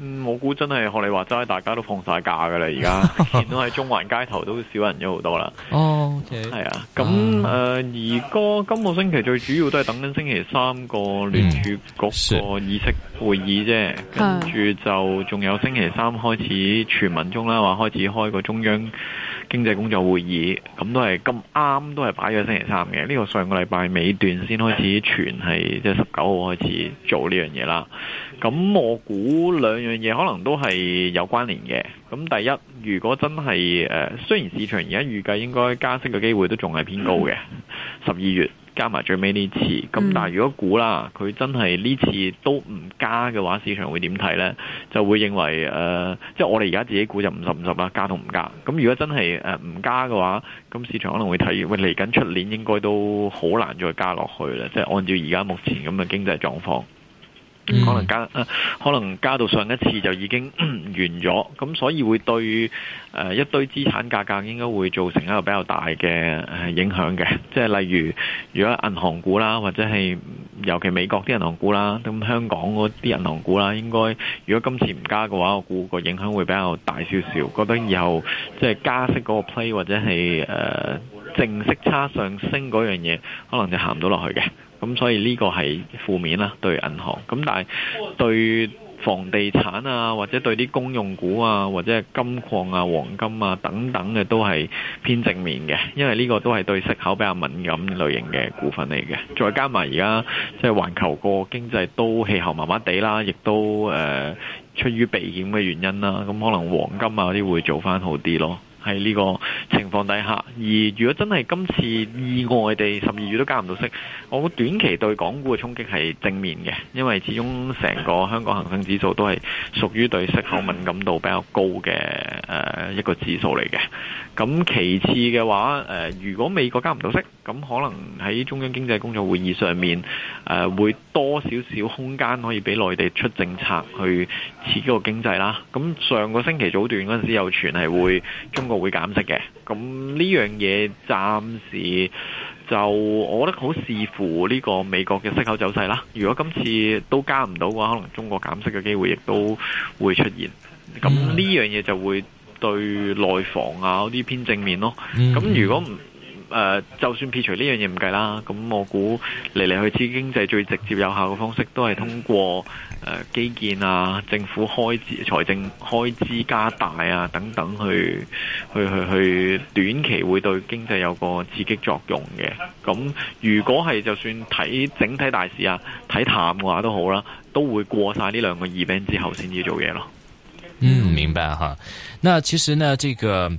嗯，我估真係學你話齋，大家都放曬假㗎啦。而家見到喺中環街頭都少人咗好多啦。哦、 oh，OK。係啊，咁、嗯、誒、嗯、而哥，今個星期最主要都係等緊星期三個聯儲局個議息會議啫。嗯、跟住就仲有星期三開始傳聞中啦，話開始開個中央經濟工作會議。咁都係咁啱，都係擺咗星期三嘅。呢、呢個上個禮拜尾段先開始傳係，即係十九號開始做呢樣嘢啦。咁我估兩樣嘢可能都係有關聯嘅。咁第一，如果真係誒，雖然市場而家預計應該加息嘅機會都仲係偏高嘅，十二月加埋最尾呢次。咁但係如果估啦，佢真係呢次都唔加嘅話，市場會點睇呢？就會認為誒、呃，即係我哋而家自己估就五十五十啦，50, 加同唔加。咁如果真係誒唔加嘅話，咁市場可能會睇，會嚟緊出年應該都好難再加落去啦。即係按照而家目前咁嘅經濟狀況。嗯、可能加、啊、可能加到上一次就已經完咗，咁所以會對、呃、一堆資產價格應該會造成一個比較大嘅、呃、影響嘅。即係例如，如果銀行股啦，或者係尤其是美國啲銀行股啦，咁香港嗰啲銀行股啦，應該如果今次唔加嘅話，我估個影響會比較大少少。覺得以後即係、就是、加息嗰個 play 或者係淨息差上升嗰樣嘢，可能就行唔到落去嘅，咁所以呢個係負面啦對銀行。咁但係對房地產啊，或者對啲公用股啊，或者係金礦啊、黃金啊等等嘅都係偏正面嘅，因為呢個都係對息口比較敏感類型嘅股份嚟嘅。再加埋而家即係環球個經濟都氣候麻麻地啦，亦都、呃、出於避險嘅原因啦，咁可能黃金啊嗰啲會做返好啲咯。喺呢個情況底下，而如果真係今次意外地十二月都加唔到息，我短期對港股嘅衝擊係正面嘅，因為始終成個香港恒生指數都係屬於對息口敏感度比較高嘅一個指數嚟嘅。咁其次嘅話，呃，如果美國加唔到息，咁可能喺中央經濟工作會議上面，呃，會多少少空間可以俾內地出政策去刺激個經濟啦。咁上個星期早段嗰陣時有傳係會中。中國會減息嘅，咁呢樣嘢暫時就我覺得好視乎呢個美國嘅息口走勢啦。如果今次都加唔到嘅話，可能中國減息嘅機會亦都會出現。咁呢樣嘢就會對內房啊嗰啲偏正面咯。咁如果誒、呃、就算撇除呢樣嘢唔計啦，咁我估嚟嚟去去經濟最直接有效嘅方式都係通過。誒、啊，基建啊，政府開支、財政開支加大啊，等等去，去去去去，短期會對經濟有個刺激作用嘅。咁如果係就算睇整體大市啊，睇淡嘅話都好啦、啊，都會過晒呢兩個 event 之後先至做嘢咯。嗯，明白哈。那其實呢，這個。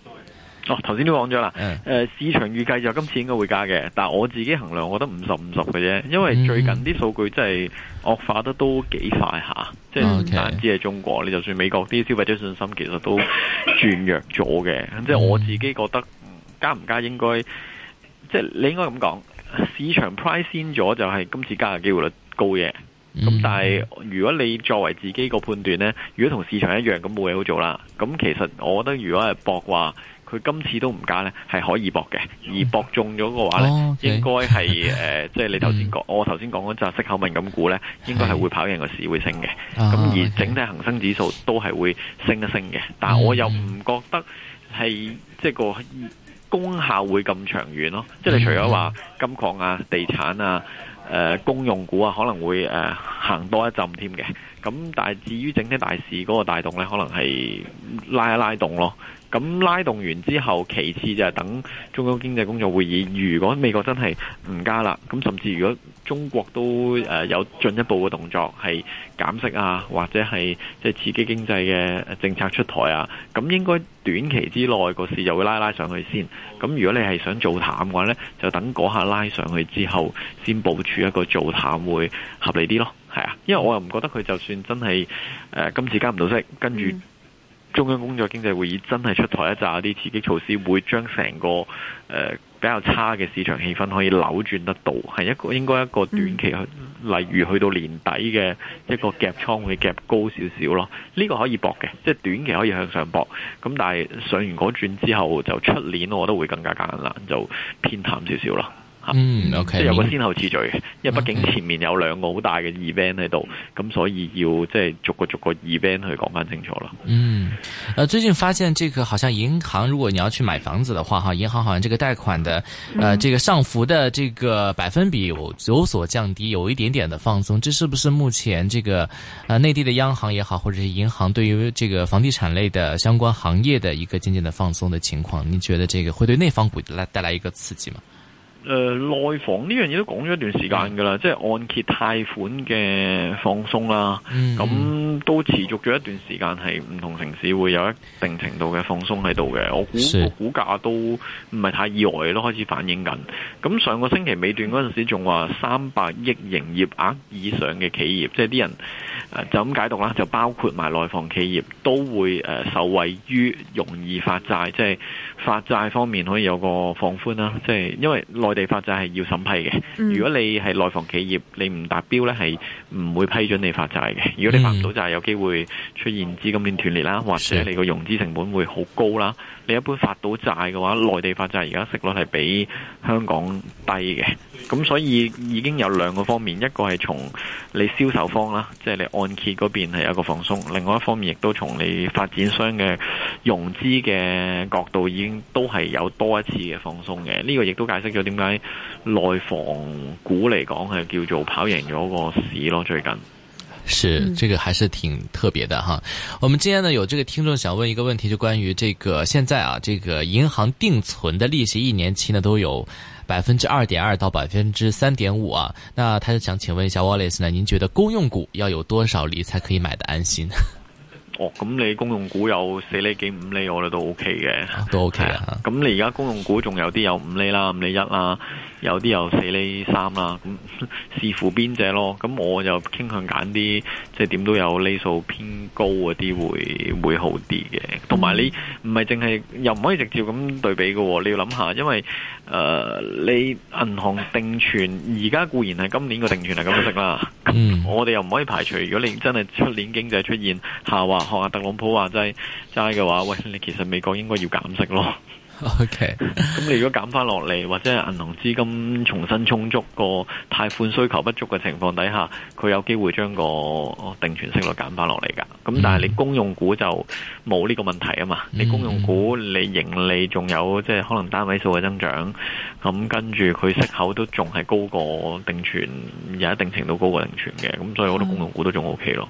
哦，頭先都講咗啦。誒，市場預計就今次應該會加嘅，但係我自己衡量我覺，我得五十五十嘅啫。因為最近啲數據真係惡化得都幾快下、mm hmm. 即係唔單止係中國，Okay. 你就算美國啲消費者信心其實都轉弱咗嘅。Mm hmm. 即係我自己覺得加唔加應該即係你應該咁講，市場 price 先咗就係今次加嘅機會率高嘅。咁、mm hmm. 但係如果你作為自己個判斷呢，如果同市場一樣，咁冇嘢好做啦。咁其實我覺得如果係博話，佢今次都唔加呢係可以博嘅。而博中咗嘅話呢，oh, okay. 應該係誒，即、呃、係、就是、你頭先講，我頭先講嗰隻息口敏感股呢，應該係會跑贏個市，會升嘅。咁、oh, okay. 而整體恒生指數都係會升一升嘅。但係我又唔覺得係即係個功效會咁長遠咯。 即係除咗話金礦啊、地產啊、誒、呃、公用股啊，可能會誒、呃、行多一浸添嘅。咁但係至於整體大市嗰個帶動呢，可能係拉一拉動咯。咁拉動完之後，其次就係等中央經濟工作會議。如果美國真係唔加啦，咁甚至如果中國都誒有進一步嘅動作係減息啊，或者係即係刺激經濟嘅政策出台啊，咁應該短期之內個市就會拉拉上去先。咁如果你係想做淡嘅話呢，就等嗰下拉上去之後，先部署一個做淡會合理啲咯，係啊。因為我又唔覺得佢就算真係誒今次加唔到息，跟住，中央工作經濟會議真係出台一紮啲刺激措施會將整、呃，會將成個比較差嘅市場氣氛可以扭轉得到，係一個應該一個短期去，例如去到年底嘅一個夾倉會夾高少少咯。呢、這個可以搏嘅，即係短期可以向上搏。咁但係上完嗰轉之後就出年，我覺得會更加艱難，就偏淡少少囉。嗯，ok 有個先後次序，明白。因為畢竟前面有兩個好大嘅 event 喺度，咁、嗯、所以要即係逐個逐個 event 去講翻清楚啦。嗯，呃最近發現這個好像銀行，如果你要去買房子的話，哈，銀行好像這個貸款的呃這個上浮的這個百分比有有所降低，有一點點的放鬆。這是不是目前這個呃內地的央行也好，或者是銀行對於這個房地產類的相關行業的一個漸漸的放鬆的情況？你覺得這個會對內房股來帶來一個刺激嗎？誒、呃、內房呢樣嘢都講咗一段時間㗎啦，即係按揭貸款嘅放鬆啦，咁、嗯、都持續咗一段時間，係唔同城市會有一定程度嘅放鬆喺度嘅。我估個股價都唔係太意外，都開始反映緊。咁上個星期尾段嗰陣時仲話三百億營業額以上嘅企業，即係啲人就咁解讀啦，就包括埋內房企業都會誒受惠於容易發債，即係發債方面可以有個放寬啦。即係因為內內地發債係要審批嘅，如果你係內房企業，你唔達標呢，係唔會批准你發債嘅。如果你發唔到債，有機會出現資金鏈斷裂啦，或者你個融資成本會好高啦。你一般發到債嘅話，內地發債而家息率係比香港低嘅，咁所以已經有兩個方面，一個係從你銷售方啦，即係你按揭嗰邊係一個放鬆，另外一方面亦都從你發展商嘅融資嘅角度，已經都係有多一次嘅放鬆嘅。呢個亦都解釋咗點喺內房股嚟講，係叫做跑贏咗個市咯。最近，是，這個還是挺特別的哈。我們今天呢有這個聽眾想問一個問題，就關於這個現在啊，這個銀行定存的利息一年期呢都有百分之二點二到百分之三點五啊。那他就想請問一下 Wallace 呢，您覺得公用股要有多少厘才可以買得安心？哦，咁你公用股有四厘幾、五厘，我哋都 O K 嘅，都 O K 啊。咁的你而家公用股仲有啲有五厘啦、五厘一啦，有啲有四厘三啦，咁、嗯、視乎邊隻咯。咁我就傾向揀啲即係點都有厘數偏高嗰啲會會好啲嘅。同埋你唔係淨係又唔可以直接咁對比嘅、哦，你要諗下，因為誒、呃、你銀行定存而家固然係今年個定存係咁樣式啦，咁 我哋又唔可以排除，如果你真係出年經濟出現下滑。學阿特朗普話齋齋嘅話，喂，你其實美國應該要減息咯。 OK，咁 你如果減翻落嚟，或者係銀行資金重新充足、個貸款需求不足嘅情況底下，佢有機會將個定存息率減翻落嚟㗎。咁、mm. 但係你公用股就冇呢個問題啊嘛。Mm. 你公用股你盈利仲有即係可能單位數嘅增長，咁跟住佢息口都仲係高過定存，有一定程度高過定存嘅。咁所以好多公用股都仲 OK 咯。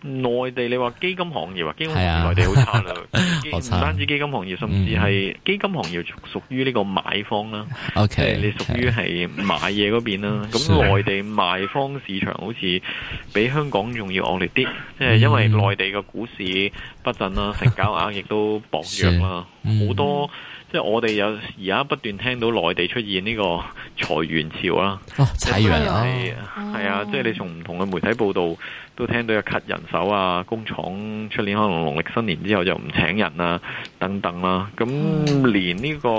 內地你話基金行業本啊，基金行業內地好差啦，唔單止基金行業，甚至係基金行業屬於呢個買方啦。O K，你屬於係買嘢嗰邊啦。咁內地賣方市場好似比香港仲要惡劣啲，即係、嗯、因為內地嘅股市不振啦，成交額亦都薄弱啦，好、嗯、多。即係我哋有而家不斷聽到內地出現呢個裁員潮啦，哦係啊，即係你從唔同嘅媒體報道都聽到有 cut 人手啊，工廠出年可能農曆新年之後就唔請人啊等等啦、啊，咁連呢、呢個誒、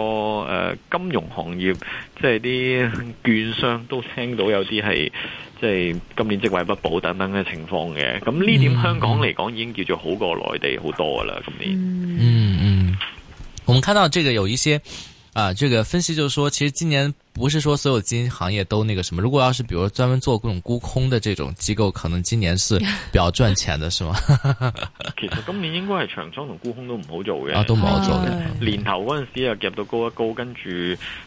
呃、金融行業，即係啲券商都聽到有啲係即係今年職位不保等等嘅情況嘅，咁呢點香港嚟講已經叫做好過內地好多噶啦，今年嗯。嗯我們看到這個有一些。啊，這個分析就是說，其實今年不是說所有基金行業都那個什麼。如果要是，比如專門做各種沽空的這種機構，可能今年是比較賺錢的，是嗎？其實今年應該係長倉同沽空都唔好做嘅，啊，都唔好做嘅。啊啊、年頭嗰陣時啊，夾到高一高，跟住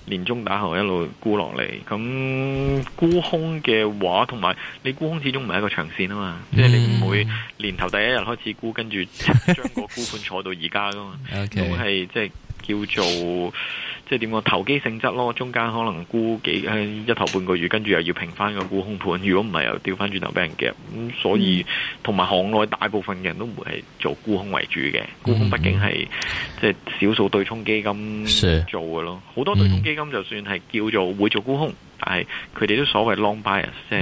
年中打後一路沽落嚟。咁沽空嘅話，同埋你沽空始終唔係一個長線啊嘛，即係、嗯、你唔會年頭第一日開始沽，跟住將個沽盤坐到而家噶嘛，okay. 都係即係。就是叫做。即係點講投機性質咯，中間可能沽幾一頭半個月，跟住又要平翻個沽空盤。如果唔係，又掉翻轉頭俾人夾。咁所以同埋行內大部分嘅人都唔會係做沽空為主嘅，沽空畢竟係即係少數對沖基金做嘅咯。好是多對沖基金就算係叫做會做沽空，但係佢哋都所謂 long bias，即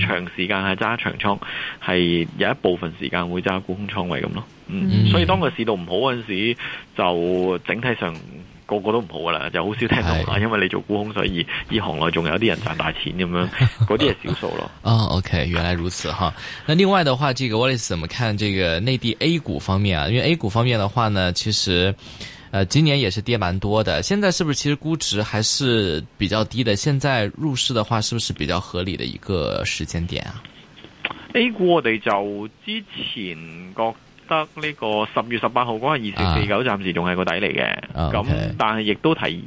係長時間係揸長倉，係有一部分時間會揸沽空倉位咁咯。嗯嗯，所以當個市道唔好嗰陣時，就整體上。個個都唔好噶啦，就好少聽到喇，是因為你做沽空，所以呢行內仲有啲人賺大錢咁樣，嗰啲係少數咯。 哦，OK，原來如此哈。那另外的話，這個 Wallace 怎麼看這個內地 A 股方面啊？因為 A 股方面的話呢，其實，呃，今年也是跌蠻多的。現在是不是其實估值還是比較低的？現在入市的話，是不是比較合理的一個時間點啊？A 股我哋就之前個。得呢個十月十八號嗰個二四四九，暫時仲係個底嚟嘅。咁，但係亦都提，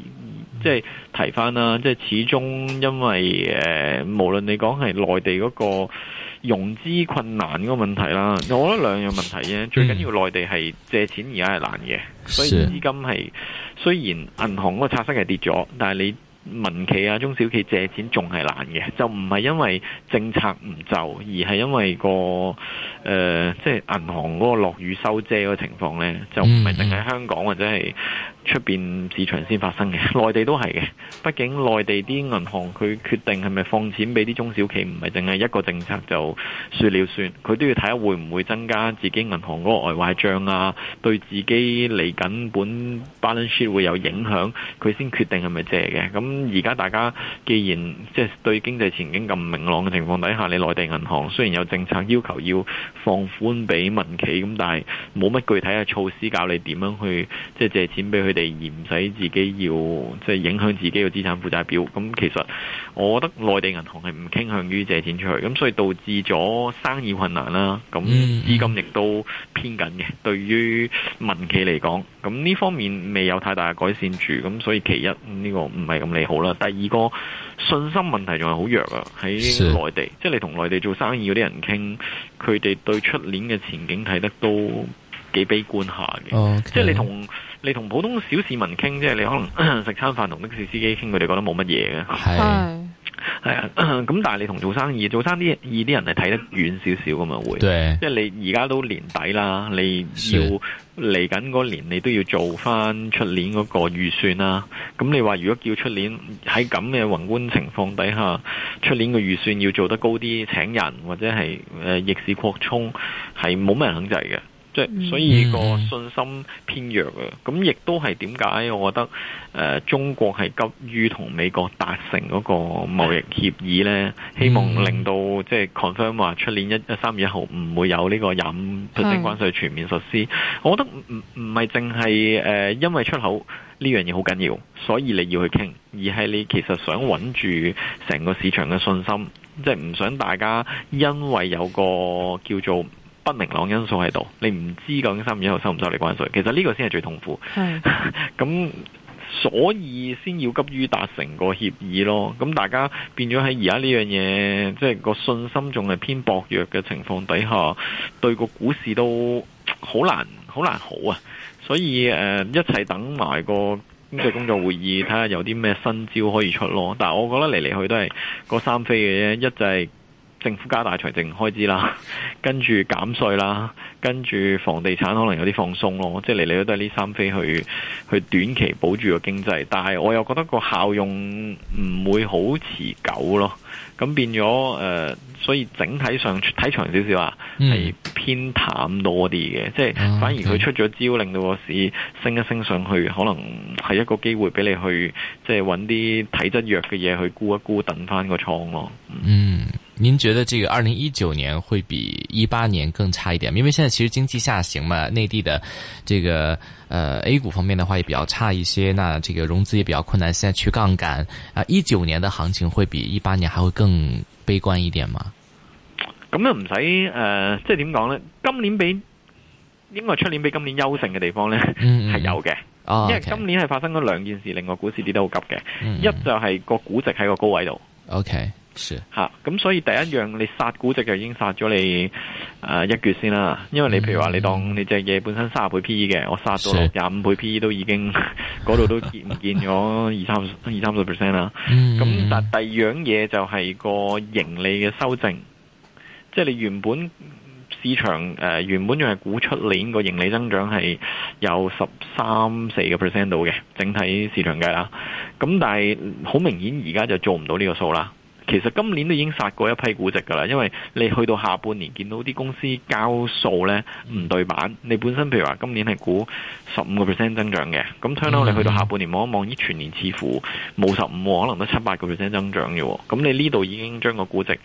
即係提返啦。即係始終，因為誒、呃，無論你講係內地嗰個融資困難嗰個問題啦，我覺得兩樣問題啫。嗯、最緊要內地係借錢而家係難嘅，所以，以資金係雖然銀行嗰個拆息係跌咗，但係你。民企啊，中小企借錢仲係難嘅，就唔係因為政策唔就，而係因為個誒、呃，即係銀行嗰個落雨收遮嗰個情況呢，就唔係淨係香港或者係出邊市場先發生嘅，內地都係嘅。畢竟內地啲銀行佢決定係咪放錢俾啲中小企，唔係淨係一個政策就說了算。佢都要睇下會唔會增加自己銀行個外壞賬啊，對自己嚟緊本 balance sheet 會有影響，佢先決定係咪借嘅。咁而家大家既然即係、就是、對經濟前景咁明朗嘅情況底下，你內地銀行雖然有政策要求要放寬俾民企，咁但係冇乜具體嘅措施教你點樣去即係、就是、借錢俾佢。地而唔使自己要即係影響自己嘅資產負債表，咁其實我覺得內地銀行係唔傾向於借錢出去，咁所以導致咗生意困難啦，咁資金亦都偏緊嘅。對於民企嚟講，咁呢方面未有太大嘅改善住，咁所以其一呢個唔係咁利好啦。第二個信心問題仲係好弱啊，喺內地，是即係你同內地做生意嗰啲人傾，佢哋對出年嘅前景睇得都幾悲觀下嘅，oh, okay. 即係你同。你同普通小市民傾，即係你可能食餐飯同的士司機傾，佢哋覺得冇乜嘢嘅。係係是啊，咁但係你同做生意、做生意啲人係睇得遠少少咁嘛，會。對。即係你而家都年底啦，你要嚟緊嗰年，你都要做翻出年嗰個預算啦。咁你話如果叫出年喺咁嘅宏觀情況底下，出年嘅預算要做得高啲，請人或者係誒逆市擴充，係冇乜人肯制嘅。即、嗯、所以個信心偏弱嘅，咁亦都係點解，我覺得誒、呃、中國係急於同美國達成嗰個貿易協議呢，嗯、希望令到即係、就是、confirm 話出年一一三月一號唔會有呢個廿五 percent 關稅全面實施。是我覺得唔唔係淨係因為出口呢樣嘢好緊要，所以你要去傾，而係你其實想穩住成個市場嘅信心，即係唔想大家因為有個叫做。不明朗因素喺度，你唔知究竟三月一號收唔收你關稅，其實呢個先係最痛苦。咁 所以先要急於達成個協議咯。咁大家變咗喺而家呢樣嘢，即係個信心仲係偏薄弱嘅情況底下，對個股市都好難好難好啊。所以、呃、一齊等埋個經濟工作會議，睇下有啲咩新招可以出咯。但我覺得嚟嚟去都係個三飛嘅啫，一就係。政府加大財政開支啦，跟住減稅啦，跟住房地產可能有啲放鬆咯，即係嚟嚟都係呢三飛去去短期保住個經濟，但係我又覺得個效用唔會好持久咯，咁變咗誒、呃，所以整體上睇長少少啊，係、mm. 偏淡多啲嘅，即係反而佢出咗招令到個市升一升上去，可能係一個機會俾你去即係揾啲體質弱嘅嘢去沽一沽，等翻個倉咯。嗯。Mm. 您覺得這個二零一九年會比一八年更差一點？因為現在其實經濟下行嘛，內地的這個，呃，A 股方面的話也比較差一些，那這個融資也比較困難，現在去杠杆啊，呃、一九年的行情會比一八年還會更悲觀一點嗎？咁又唔使誒，即係點講呢？今年比，因為出年比今年優勝嘅地方呢，係、嗯嗯、有嘅，哦 okay、因為今年係發生咗兩件事，令個股市跌得好急嘅，嗯嗯一就係個估值喺個高位度。OK。吓，咁是、啊、所以第一樣你殺估值就已經殺咗你誒、呃、一月先啦，因為你、嗯、譬如話你當你隻嘢本身三十倍 P E 嘅，我殺到廿五倍 P E 都已經嗰度是 都見唔見咗二三二三十 percent 啦。咁、啊嗯、但第二樣嘢就係個盈利嘅修正，即、就、係、是、你原本市場誒、呃、原本仲係估出年個盈利增長係有十三四個 percent 到嘅整體市場計啦。咁但係好明顯而家就做唔到呢個數啦。其實今年都已經殺過一批估值㗎啦，因為你去到下半年見到啲公司交數呢唔對版。你本身譬如話今年係估十五個 percent 增長嘅，咁相 u 你去到下半年望一望，依全年似乎冇十五，可能得七八個 percent 增長嘅，咁你呢度已經將個估值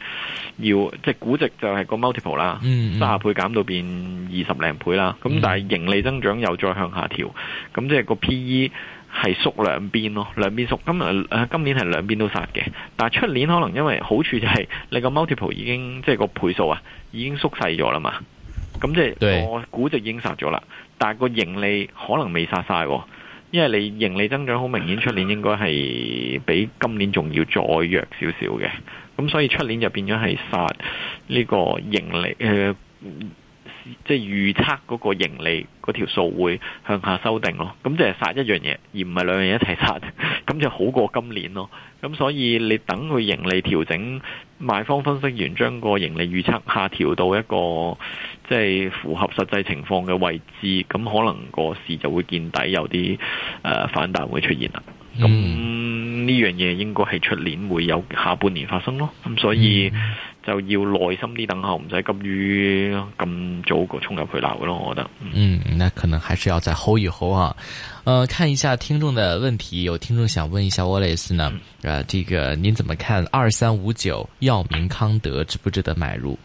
要即係股值就係個 multiple 啦，卅倍減到變二十零倍啦，咁但係盈利增長又再向下調，咁即係個 P/E。係縮兩邊咯，兩邊縮。今日、呃、今年係兩邊都殺嘅，但係出年可能因為好處就係你個 multiple 已經即係、就是、個倍數啊，已經縮細咗啦嘛。咁即係我估就已經殺咗啦，對但係個盈利可能未殺晒喎，因為你盈利增長好明顯，出年應該係比今年仲要再弱少少嘅。咁所以出年就變咗係殺呢個盈利、呃即係預測嗰個盈利嗰條數會向下修訂咯，咁即係殺一樣嘢，而唔係兩樣嘢一齊殺，咁就好過今年咯。咁所以你等佢盈利調整，賣方分析員將個盈利預測下調到一個即係符合實際情況嘅位置，咁可能個市就會見底有，有、呃、啲反彈會出現啦。嗯。呢樣嘢應該係出年會有下半年發生咯，咁所以就要耐心啲等候，唔使急於咁早個衝入去鬧咯，我覺得。嗯，那可能還是要再 hold 一 hold 啊、呃，看一下聽眾的問題，有聽眾想問一下 Wallace 呢，啊、嗯，這個您怎麼看二三五九藥明康德值不值得買入？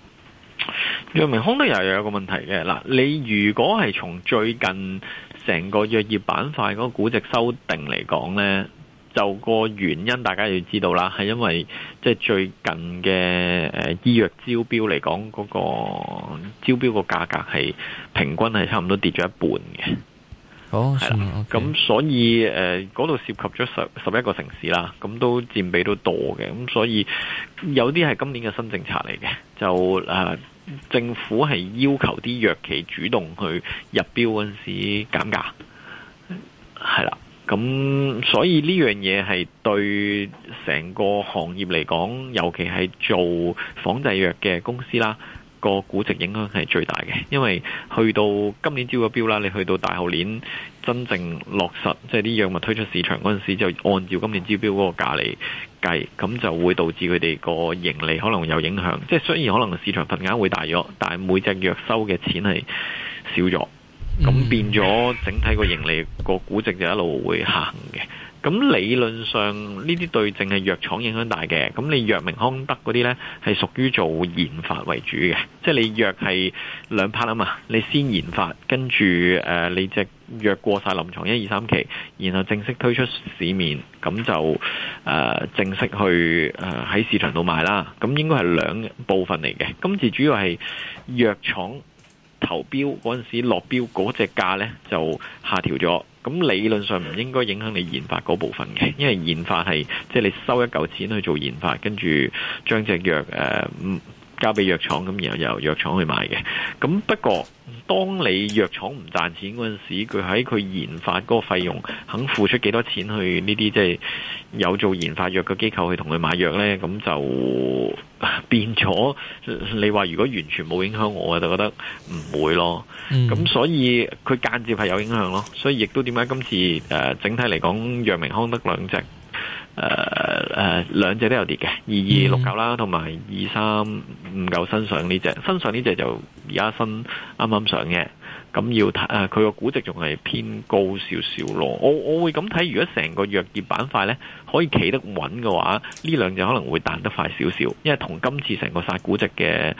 藥明康德又有一個問題嘅，嗱，你如果係從最近成個藥業板塊嗰個估值修訂嚟講呢。就個原因，大家要知道啦，係因為即係最近嘅誒醫藥招標嚟講，嗰個招標個價格係平均係差唔多跌咗一半嘅。哦、oh, okay，係啦。咁所以誒，嗰度涉及咗十十一個城市啦。咁都佔比都多嘅。咁所以有啲係今年嘅新政策嚟嘅。就誒、啊，政府係要求啲藥企主動去入標嗰陣時減價，係啦。咁所以呢樣嘢，係對成個行業嚟講，尤其係做仿製藥嘅公司啦，個估值影響係最大嘅。因為去到今年招個標啦，你去到大後年真正落實，即係啲藥物推出市場嗰陣時，就按照今年招標嗰個價嚟計，咁就會導致佢哋個盈利可能有影響。即係雖然可能市場份額會大咗，但係每隻藥收嘅錢係少咗。咁、嗯、變咗，整體個盈利、個估值就一路會下行嘅。咁理論上呢啲對淨係藥廠影響大嘅。咁你藥明康德嗰啲呢，係屬於做研發為主嘅。即係你藥係兩 part 啊嘛，你先研發，跟住、呃、你隻藥過曬臨床一二三期，然後正式推出市面，咁就、呃、正式去喺、呃、市場度賣啦。咁應該係兩部分嚟嘅。今次主要係藥廠。投標嗰陣時落標嗰隻價咧就下調咗，咁理論上唔應該影響你研發嗰部分嘅，因為研發係即係你收一嚿錢去做研發，跟住將隻藥誒交俾藥廠咁，然後由藥廠去買嘅。咁不過，當你藥廠唔賺錢嗰陣時，佢喺佢研發嗰個費用肯付出幾多錢去呢啲即係有做研發藥嘅機構去同佢買藥呢？咁就變咗。你話如果完全冇影響，我就覺得唔會咯。咁、嗯、所以佢間接係有影響咯。所以亦都點解今次誒、呃、整體嚟講，藥明康得兩隻。誒誒、呃呃，兩隻都有跌嘅，二二六九啦，同埋二三五九身上呢隻，身上呢隻就而家新啱啱上嘅，咁要睇誒，佢、呃、個估值仲係偏高少少咯。我我會咁睇，如果成個藥業板塊咧，可以企得穩嘅話，呢兩隻可能會彈得快少少，因為同今次成個殺估值嘅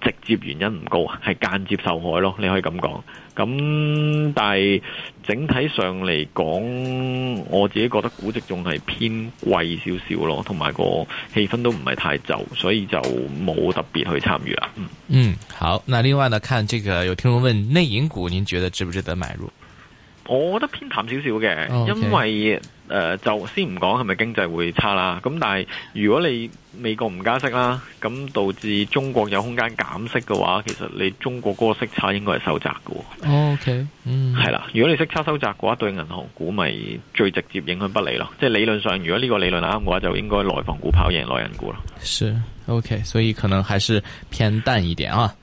直接原因唔高，係間接受害咯。你可以咁講。咁、嗯、但係整體上嚟講，我自己覺得估值仲係偏貴少少咯，同埋個氣氛都唔係太就，所以就冇特別去參與啦。嗯嗯，好。那另外呢，看這個有聽眾問，問，內銀股您覺得值不值得買入？我覺得偏淡少少嘅，oh, okay. 因為。誒、呃，就先唔講係咪經濟會差啦，咁但係如果你美國唔加息啦，咁導致中國有空間減息嘅話，其實你中國嗰個息差應該係收窄嘅。哦，okay，嗯，係啦，如果你息差收窄嘅話，對銀行股咪最直接影響不利咯。即係理論上，如果呢個理論啱嘅話，就應該內房股跑贏內銀股咯。是，okay，所以可能還是偏淡一點啊。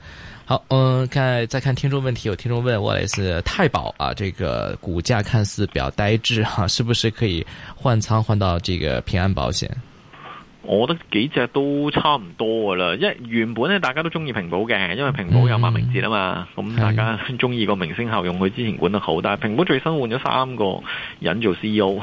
好，嗯，看，再看聽眾問題，有聽眾問我也是太保啊，這個股價看似比較呆滯哈、啊，是不是可以換倉換到這個平安保險？我覺得幾隻都差唔多噶啦，因為原本咧大家都中意平保嘅，因為平保有馬明哲啊嘛，咁、嗯、大家中意個明星效用，佢之前管得好，但係平保最新換咗三個人做 CEO。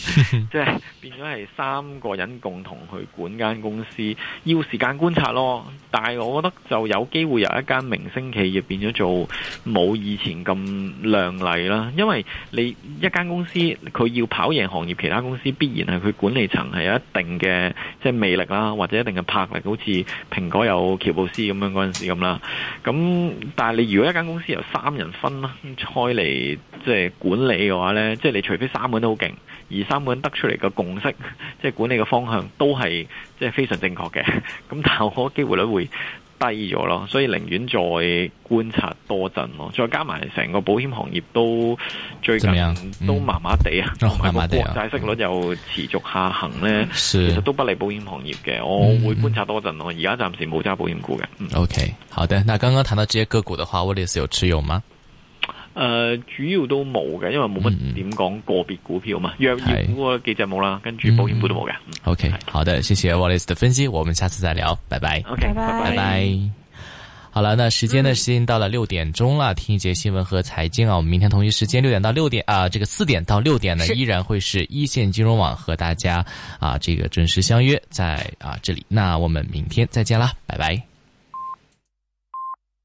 即係變咗係三個人共同去管間公司，要時間觀察咯。但係我覺得就有機會由一間明星企業變咗做冇以前咁亮麗啦。因為你一間公司佢要跑贏行業，其他公司必然係佢管理層係有一定嘅即係魅力啦，或者一定嘅魄力。好似蘋果有喬布斯咁樣嗰陣時咁啦。咁但係你如果一間公司由三人分開嚟即係管理嘅話呢，即係你除非三個人都好勁。而三本得出嚟嘅共識，即係管理嘅方向都係即係非常正確嘅，咁但係我個機會率會低咗咯，所以寧願再觀察多陣咯，再加埋成個保險行業都最近都麻麻地啊，同埋、嗯、個國債息率又持續下行咧，哦、麻麻其實都不利保險行業嘅，我會觀察多陣咯，而家暫時冇揸保險股嘅。嗯、OK，好的，那剛剛談到這些個股的話 w a l l a c 有持有嗎？呃，主要都冇嘅，因為冇乜點講個別股票嘛，藥業嗰幾隻冇啦，跟住保險股都冇嘅。OK，是好的，謝謝 Wallace 的分析，我們下次再聊，拜拜。OK，拜拜，拜拜。拜拜好了，那時間呢已經到了六點鐘啦，聽一節新聞和財經啊，嗯、我們明天同一時間六點到六點啊、呃，這個四點到六點呢，是依然會是一線金融網和大家啊、呃，這個準時相約在啊、呃、這裏，那我們明天再見啦，拜拜。